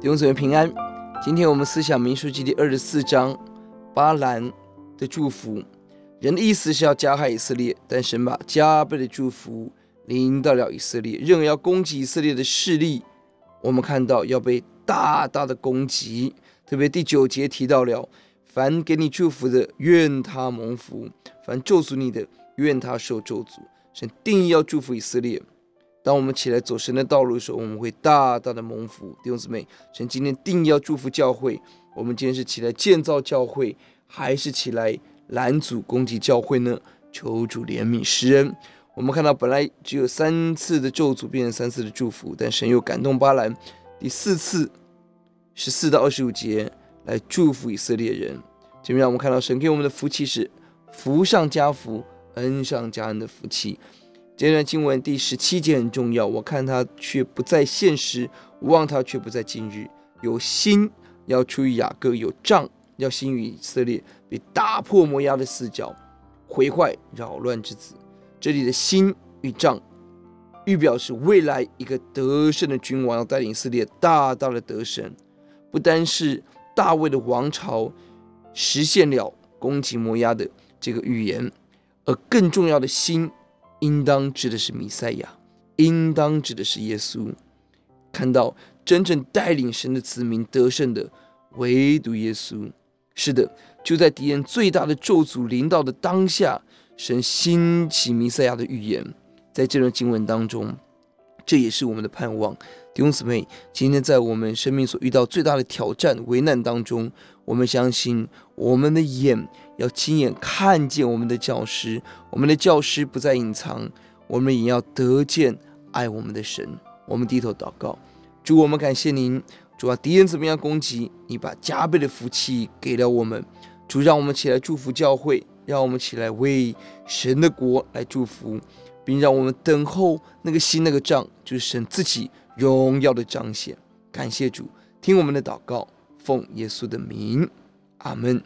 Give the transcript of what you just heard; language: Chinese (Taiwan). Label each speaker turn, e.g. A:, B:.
A: 弟兄姊妹平安，今天我們思想民《民數記》第二十四章巴蘭的祝福。人的意思是要加害以色列，但神把加倍的祝福臨到了以色列。任何要攻擊以色列的勢力，我們看到要被大大的攻擊。特別第九節提到了：凡給你祝福的，願他蒙福；凡咒詛你的，願他受咒詛。神定意要祝福以色列。當我們起來走神的道路的時候，我們會大大的蒙福。弟兄姊妹，神今天定要祝福教會。我們今天是起來建造教會，還是起來攔阻攻擊教會呢？求主憐憫世人。我們看到，本來只有三次的咒詛變成三次的祝福，但神又感動巴蘭，第四次十四到二十五節來祝福以色列人。前面讓我們看到，神給我們的福氣是福上加福、恩上加恩的福氣。這段經文第十七節很重要，我看他卻不在現時，望他卻不在今日。有星要出於雅各，有杖要興於以色列，必打破摩押的四角，毀壞擾亂之子。這裡的星與杖，預表示未來一個得勝的君王要帶領以色列大大的得勝，不單是大衛的王朝實現了攻擊摩押的這個預言，而更重要的星，應當指的是彌賽亞，應當指的是耶穌，看到真正帶領神的子民得勝的唯獨耶穌。是的，就在敵人最大的咒詛臨到的當下，神興起彌賽亞的預言，在這段經文當中。這也是我們的盼望，弟兄姊妹，今天在我們生命所遇到最大的挑戰、危難當中，我們相信，我們的眼要親眼看見我們的教師，我們的教師不再隱藏，我們也要得見愛我們的神。我們低頭禱告，主，我們感謝您，主啊，敵人怎麼樣攻擊，你把加倍的福氣給了我們，主，讓我們起來祝福教會，讓我們起來為神的國來祝福。並讓我們等候那個星、那個杖，就是神自己榮耀的彰顯。感謝主，聽我們的禱告，奉耶穌的名，阿門。